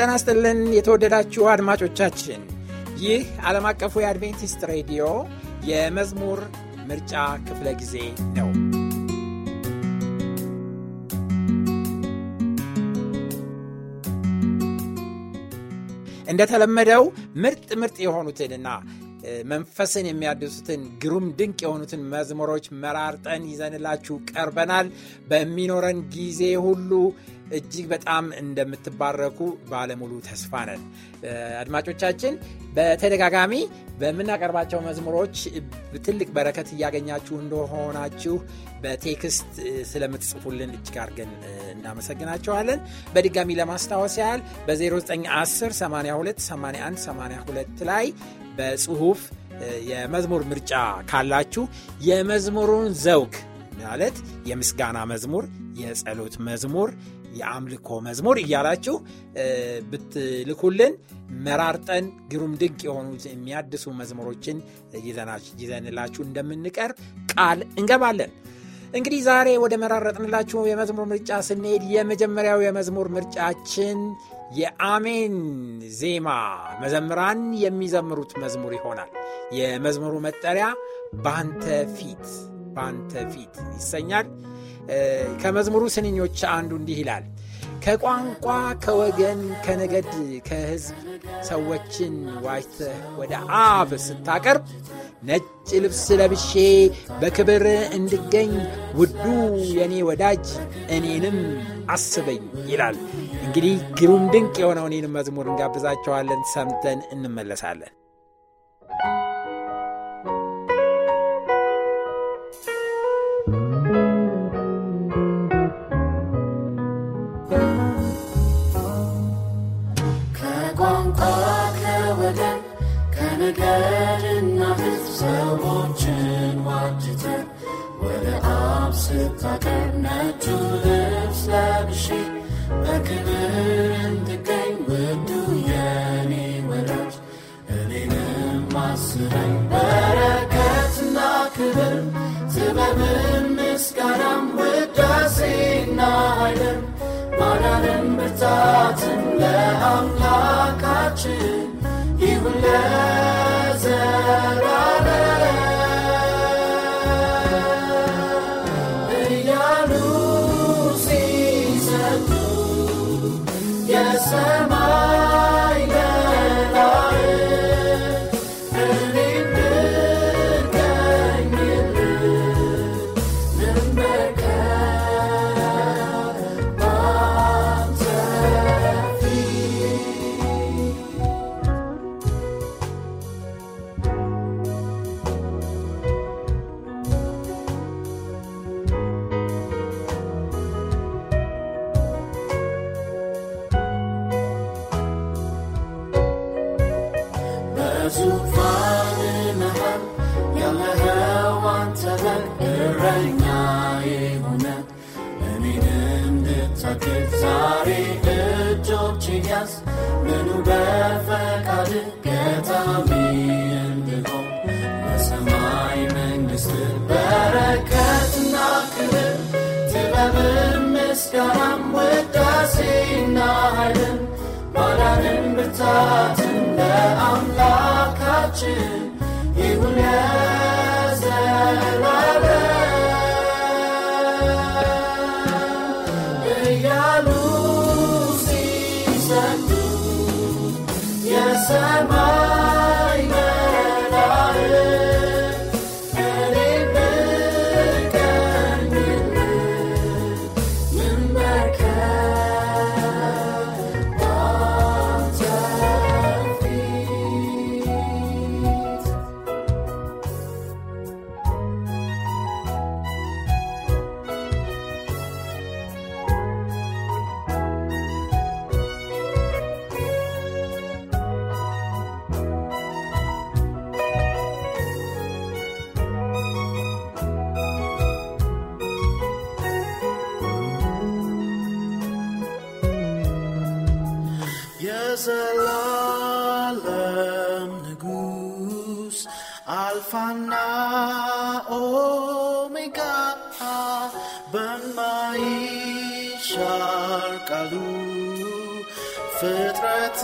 ጤና ይስጥልን የተወደዳችሁ አድማጮቻችን፣ ይህ ዓለም አቀፉ የአድቬንቲስት ሬዲዮ የመዝሙር ምርጫ ክፍለ ጊዜ ነው። እንደተለመደው ምርጥ ምርጥ የሆኑትንና መንፈስን የሚያድሱትን ግሩም ድንቅ የሆኑትን መዝሙሮች መራርጠን ይዘንላችሁ ቀርበናል። በሚኖረን ጊዜ ሁሉ እጅግ በጣም እንደምትባረኩ ባለሙሉ ተስፋ ነን። አድማጮቻችን በተደጋጋሚ በምናቀርባቸው መዝሙሮች ትልቅ በረከት እያገኛችሁ እንደሆናችሁ በቴክስት ስለምትጽፉልን እጅግ አድርገን እናመሰግናቸዋለን። በድጋሚ ለማስታወስ ያህል በ0910 82 81 82 ላይ በጽሁፍ የመዝሙር ምርጫ ካላችሁ የመዝሙሩን ዘውግ ማለት የምስጋና መዝሙር፣ የጸሎት መዝሙር የአምልኮ መዝሙር እያላችሁ ብትልኩልን መራርጠን ግሩም ድንቅ የሆኑ የሚያድሱ መዝሙሮችን ይዘንላችሁ እንደምንቀርብ ቃል እንገባለን። እንግዲህ ዛሬ ወደ መራረጥንላችሁ የመዝሙር ምርጫ ስንሄድ የመጀመሪያው የመዝሙር ምርጫችን የአሜን ዜማ መዘምራን የሚዘምሩት መዝሙር ይሆናል። የመዝሙሩ መጠሪያ ባንተ ፊት ባንተ ፊት ይሰኛል። ከመዝሙሩ ስንኞች አንዱ እንዲህ ይላል ከቋንቋ ከወገን ከነገድ ከህዝብ ሰዎችን ዋጅተህ ወደ አብ ስታቀርብ ነጭ ልብስ ለብሼ በክብር እንድገኝ ውዱ የእኔ ወዳጅ እኔንም አስበኝ ይላል። እንግዲህ ግሩም ድንቅ የሆነው እኔንም መዝሙር እንጋብዛቸዋለን። ሰምተን እንመለሳለን። ንገርና ሕዝብ ሰዎችን ዋጅተ ወደ ነጩ ልብስ ለብሼ በክብር የኔ ወዳጅ እኔንም በረከትና ክብር ጥበብም ምስጋናም ውዳሴና ኃይልም ማዳንም ብርታትም ለአምላካችን ይሁን summer. በፈቃድ ገጣሚ እንድሆን በሰማይ መንግስት በረከትና ክብር ጥበብን፣ ምስጋናም፣ ውዳሴና ኃይልን ማዳንን ብርታትን ለአምላካችን fana omega bermaishar kalu fitrat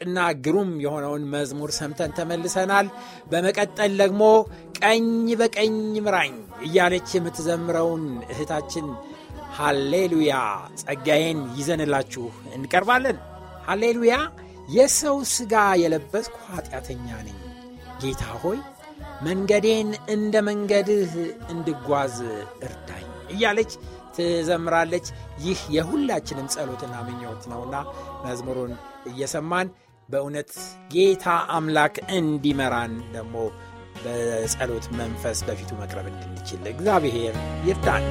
ድንቅና ግሩም የሆነውን መዝሙር ሰምተን ተመልሰናል። በመቀጠል ደግሞ ቀኝ በቀኝ ምራኝ እያለች የምትዘምረውን እህታችን ሃሌሉያ ጸጋዬን ይዘንላችሁ እንቀርባለን። ሃሌሉያ የሰው ሥጋ የለበስኩ ኃጢአተኛ ነኝ፣ ጌታ ሆይ መንገዴን እንደ መንገድህ እንድጓዝ እርዳኝ እያለች ትዘምራለች። ይህ የሁላችንም ጸሎትና ምኞት ነውና መዝሙሩን እየሰማን በእውነት ጌታ አምላክ እንዲመራን ደግሞ በጸሎት መንፈስ በፊቱ መቅረብ እንድንችል እግዚአብሔር ይርዳን።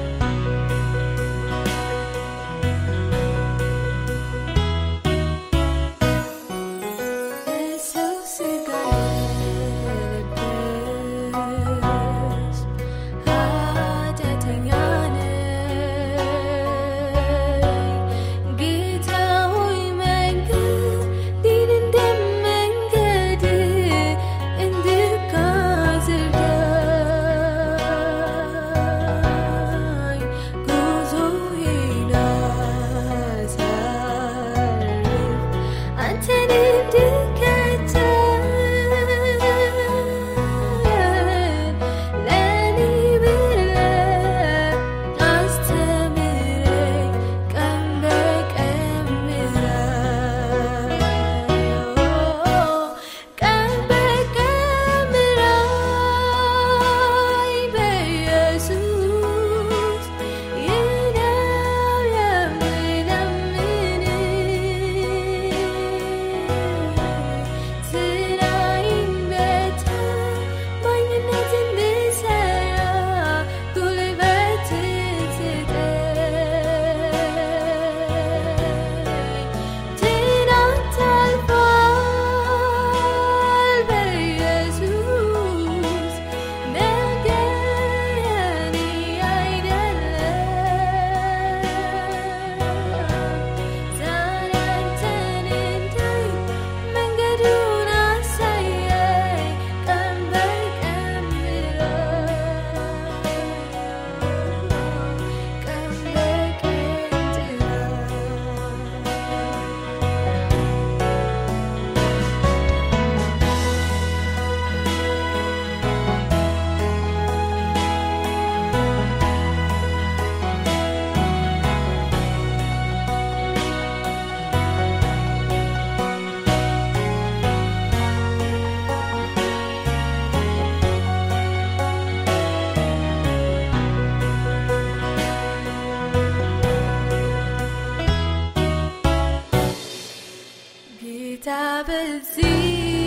تعب الزين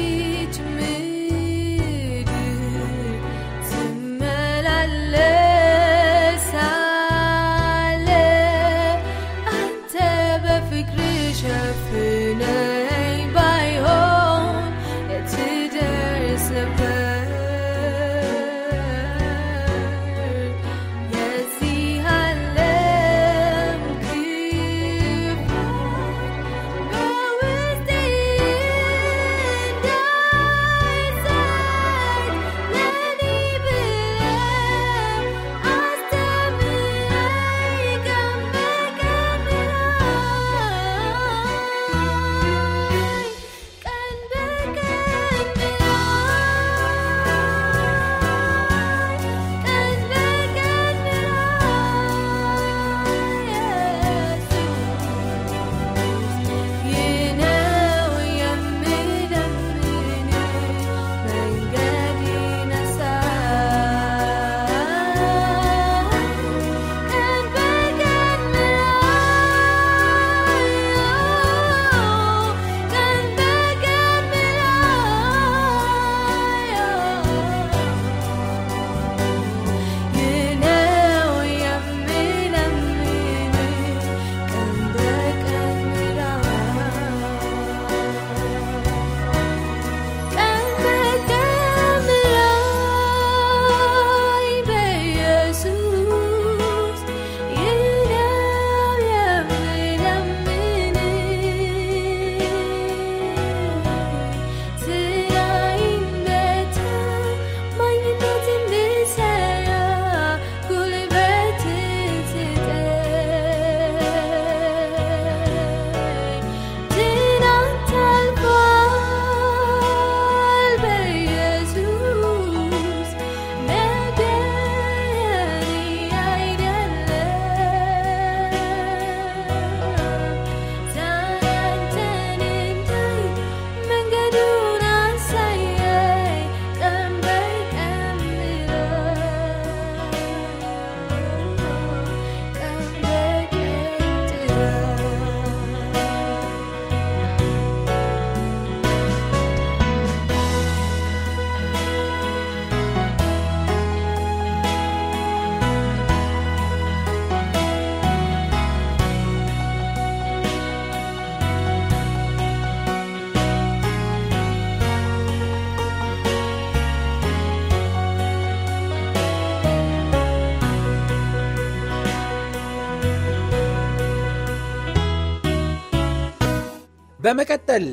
በመቀጠል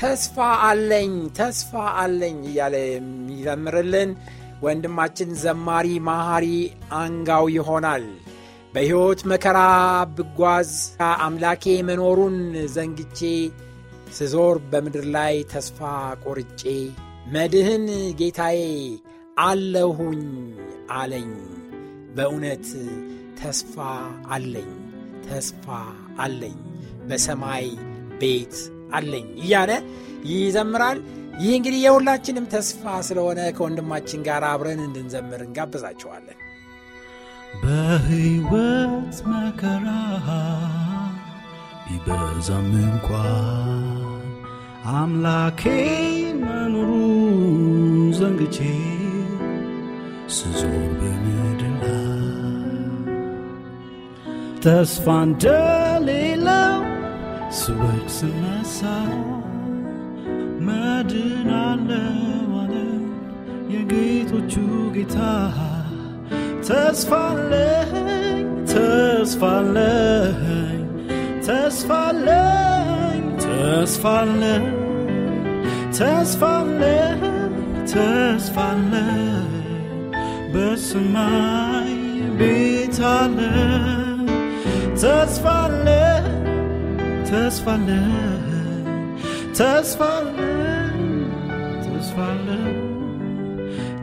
ተስፋ አለኝ ተስፋ አለኝ እያለ የሚዘምርልን ወንድማችን ዘማሪ ማሃሪ አንጋው ይሆናል። በሕይወት መከራ ብጓዝ አምላኬ መኖሩን ዘንግቼ ስዞር በምድር ላይ ተስፋ ቆርጬ መድህን ጌታዬ አለሁኝ አለኝ። በእውነት ተስፋ አለኝ ተስፋ አለኝ በሰማይ ቤት አለኝ እያለ ይዘምራል። ይህ እንግዲህ የሁላችንም ተስፋ ስለሆነ ከወንድማችን ጋር አብረን እንድንዘምር እንጋብዛቸዋለን። በሕይወት መከራ ቢበዛም እንኳ አምላኬ መኖሩ ዘንግቼ ስዞር በምድር ተስፋ እንደ ስወድቅ ስነሳ መድናለው አለ የጌቶቹ ጌታ ተስፋለኝ ተስፋለኝ ተስፋለኝ ተስፋለኝ ተስፋለኝ ተስፋለኝ በሰማይ ቤት አለ ተስፋለ tæs fallet, tæs fallet, tæs fallet,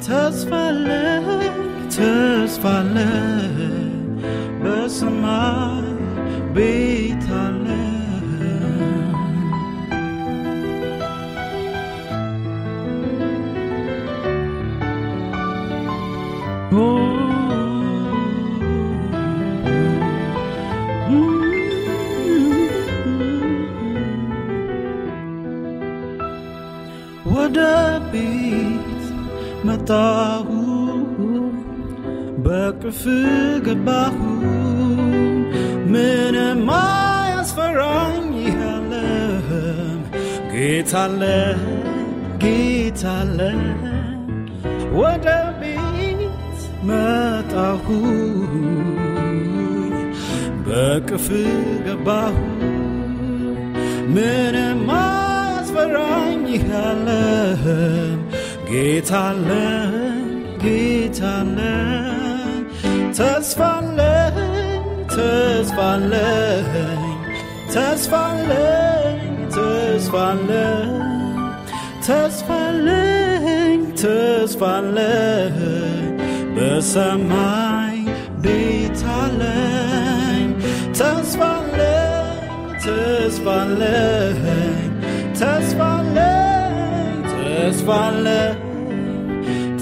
tæs fallet, tæs fallet, løs mig, ወደፊት መጣሁ በቅፍ ገባሁ ምንም አያስፈራኝ ያለህም ጌታለ ጌታለ ወደፊት መጣሁ በቅፍ ገባሁ ምንም የሚፈራኝ ይህለን ጌታለን ጌታለን ተስፋለን ተስፋለን ተስፋለን ተስፋለን ተስፋለኝ ተስፋለኝ በሰማይ ቤታለኝ ተስፋለኝ ተስፋለኝ ተስፋለ ተስፋለ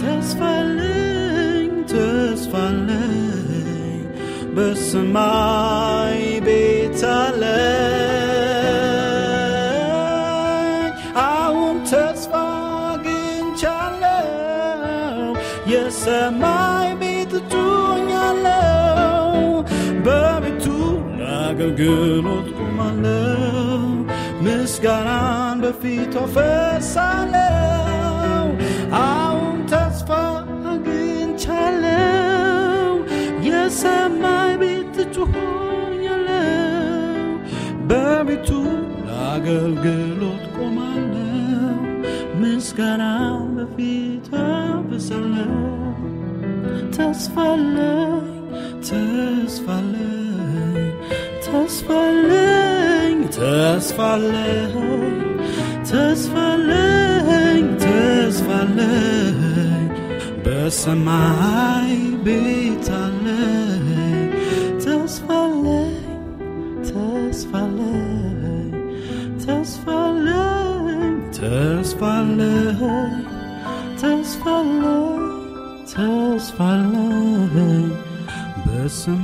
ተስፋለኝ ተስፋለኝ በሰማይ ቤት አለ አሁን ተስፋ አግኝቻለሁ የሰማይ ቤት እጩኛለሁ በቤቱ ለአገልግሎት ቁማለሁ ምስጋናን በፊት ፈሳለው አሁን ተስፋ አግኝቻለው የሰማይ ቤት ጩሆኛለው በቤቱ ለአገልግሎት ቆማለው ምስጋናን በፊት ፈሳለው ተስፋለኝ ተስፋለኝ ተስፋለኝ tæs for længe, tæs for længe, tæs for længe. Bøsse mig, bitte længe, tæs for længe, tæs for længe, tæs for længe, tæs for længe, tæs for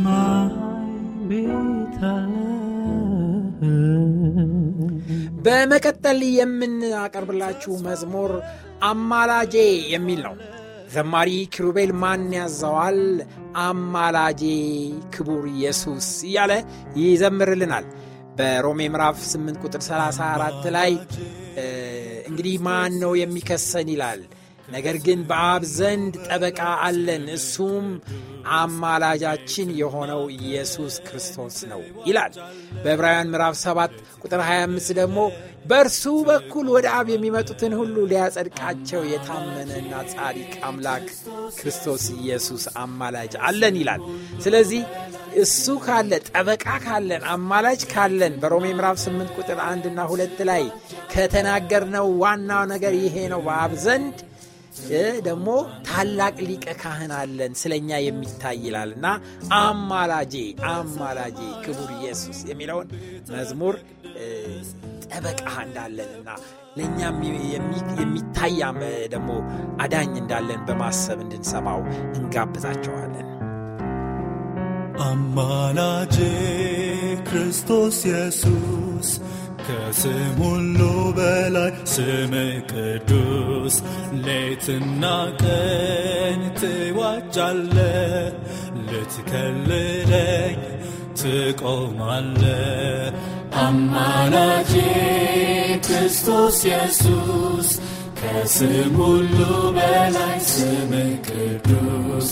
mig. በመቀጠል የምናቀርብላችሁ መዝሙር አማላጄ የሚል ነው። ዘማሪ ኪሩቤል ማን ያዘዋል አማላጄ ክቡር ኢየሱስ እያለ ይዘምርልናል። በሮሜ ምዕራፍ 8 ቁጥር 34 ላይ እንግዲህ ማን ነው የሚከሰን ይላል ነገር ግን በአብ ዘንድ ጠበቃ አለን እሱም አማላጃችን የሆነው ኢየሱስ ክርስቶስ ነው ይላል። በዕብራውያን ምዕራፍ 7 ቁጥር 25 ደግሞ በእርሱ በኩል ወደ አብ የሚመጡትን ሁሉ ሊያጸድቃቸው የታመነና ጻድቅ አምላክ ክርስቶስ ኢየሱስ አማላጅ አለን ይላል። ስለዚህ እሱ ካለ ጠበቃ ካለን አማላጅ ካለን በሮሜ ምዕራፍ 8 ቁጥር 1 እና 2 ላይ ከተናገርነው ዋናው ነገር ይሄ ነው በአብ ዘንድ ደግሞ ታላቅ ሊቀ ካህን አለን ስለኛ የሚታይ ይላል እና አማላጄ አማላጄ ክቡር ኢየሱስ የሚለውን መዝሙር ጠበቃ እንዳለንና ለእኛም የሚታይ ደግሞ አዳኝ እንዳለን በማሰብ እንድንሰማው እንጋብዛቸዋለን። አማላጄ ክርስቶስ ኢየሱስ ከስም ሁሉ በላይ ስም ቅዱስ ሌትና ቀን ትዋጃለ ልትከልለኝ ትቆማለ አማላጄ ክርስቶስ ኢየሱስ ከስም ሁሉ በላይ ስም ቅዱስ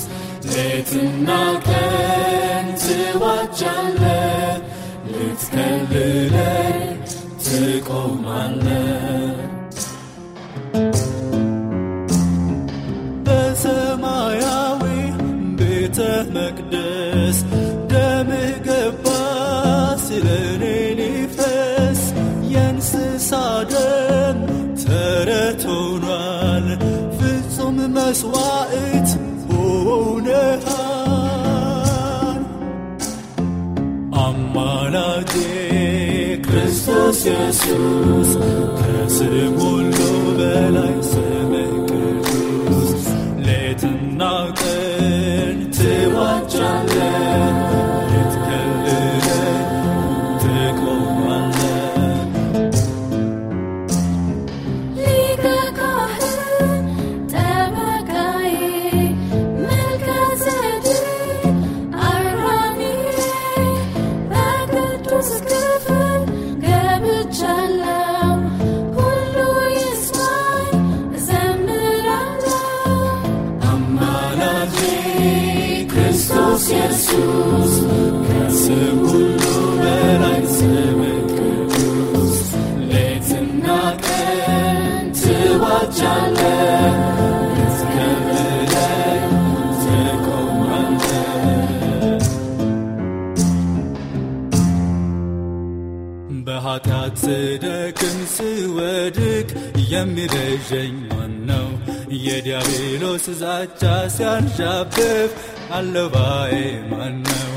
ሌትና ቀን ትዋጃለ ልትከልለኝ ትቆማለህ በሰማያዊ ቤተ መቅደስ ደምህ ገባ ስለኔ ሊፈስ የእንስሳ ደም ተረት ሆኗል ፍጹም መስዋዕት ሆነሃል አማላጄ que Jesus, Kassim de la me ሲያንዣብብ አለባዬ ማነው?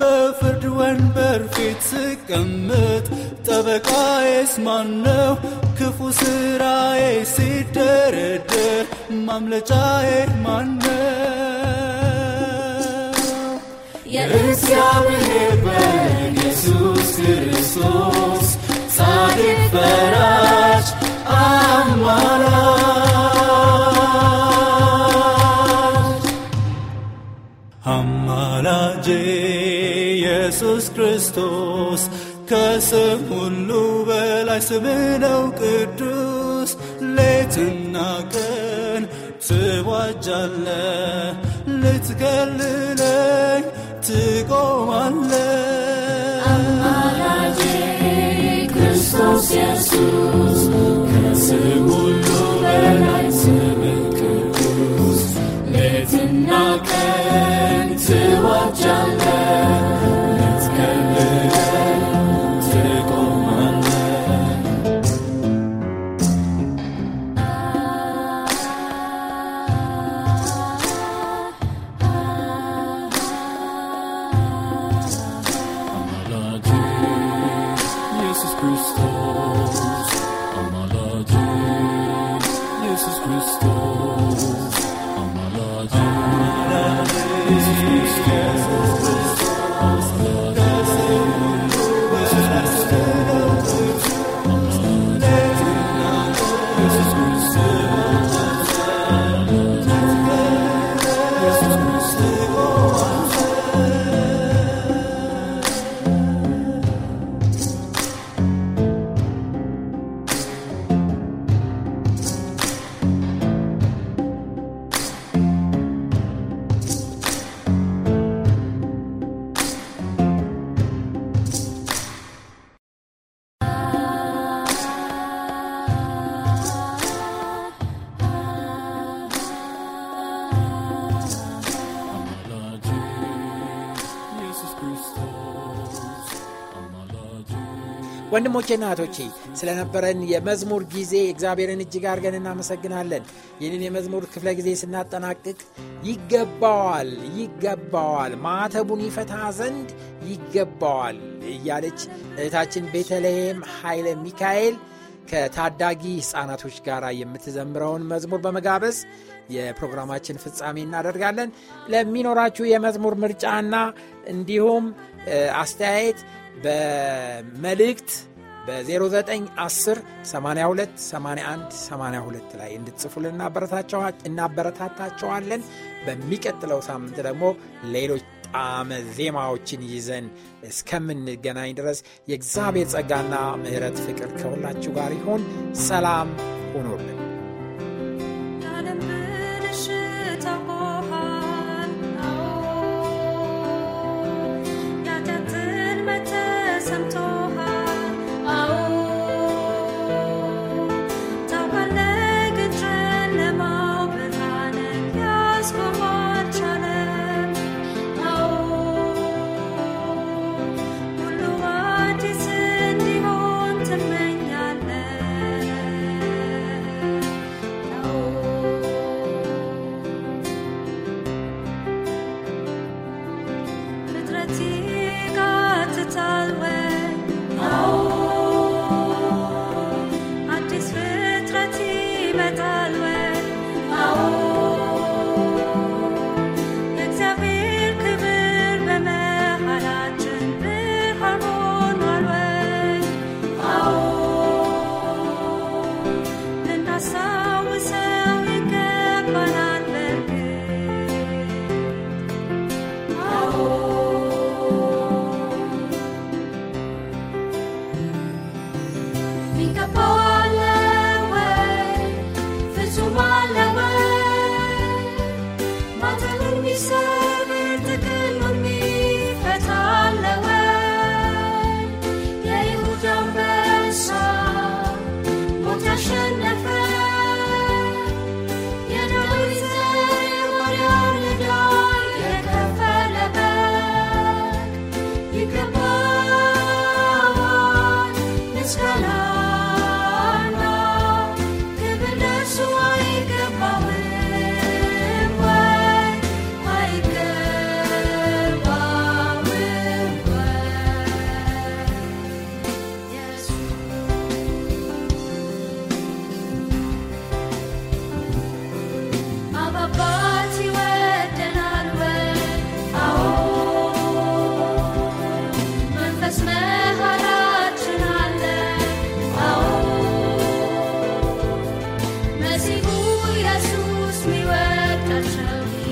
በፍርድ ወንበር ፊት ስቀምጥ ጠበቃዬስ ማነው? ክፉ ስራዬ ሲደረደር ማምለጫዬ ማነው? የእግዚአብሔር በግ ኢየሱስ ክርስቶስ ጻድቅ ፈራጅ አማላጅ አማላጄ ኢየሱስ ክርስቶስ ከስም ሁሉ በላይ ስምህ ነው ቅዱስ ሌትና ቀን ትዋጃለ ልትገልለኝ ትቆማለ አማላጄ ክርስቶስ ኢየሱስ ወንድሞቼና እህቶቼ ስለነበረን የመዝሙር ጊዜ እግዚአብሔርን እጅግ አድርገን እናመሰግናለን። ይህንን የመዝሙር ክፍለ ጊዜ ስናጠናቅቅ ይገባዋል ይገባዋል ማዕተቡን ይፈታ ዘንድ ይገባዋል እያለች እህታችን ቤተልሔም ኃይለ ሚካኤል ከታዳጊ ሕፃናቶች ጋር የምትዘምረውን መዝሙር በመጋበዝ የፕሮግራማችን ፍጻሜ እናደርጋለን። ለሚኖራችሁ የመዝሙር ምርጫና እንዲሁም አስተያየት በመልእክት በ 0910828182 ላይ እንድትጽፉልን እናበረታታቸዋለን። በሚቀጥለው ሳምንት ደግሞ ሌሎች ጣዕመ ዜማዎችን ይዘን እስከምንገናኝ ድረስ የእግዚአብሔር ጸጋና ምሕረት ፍቅር ከሁላችሁ ጋር ይሆን። ሰላም ሆኖልን Kasi buhay Asus miwet at